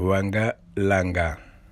nga Wanga nga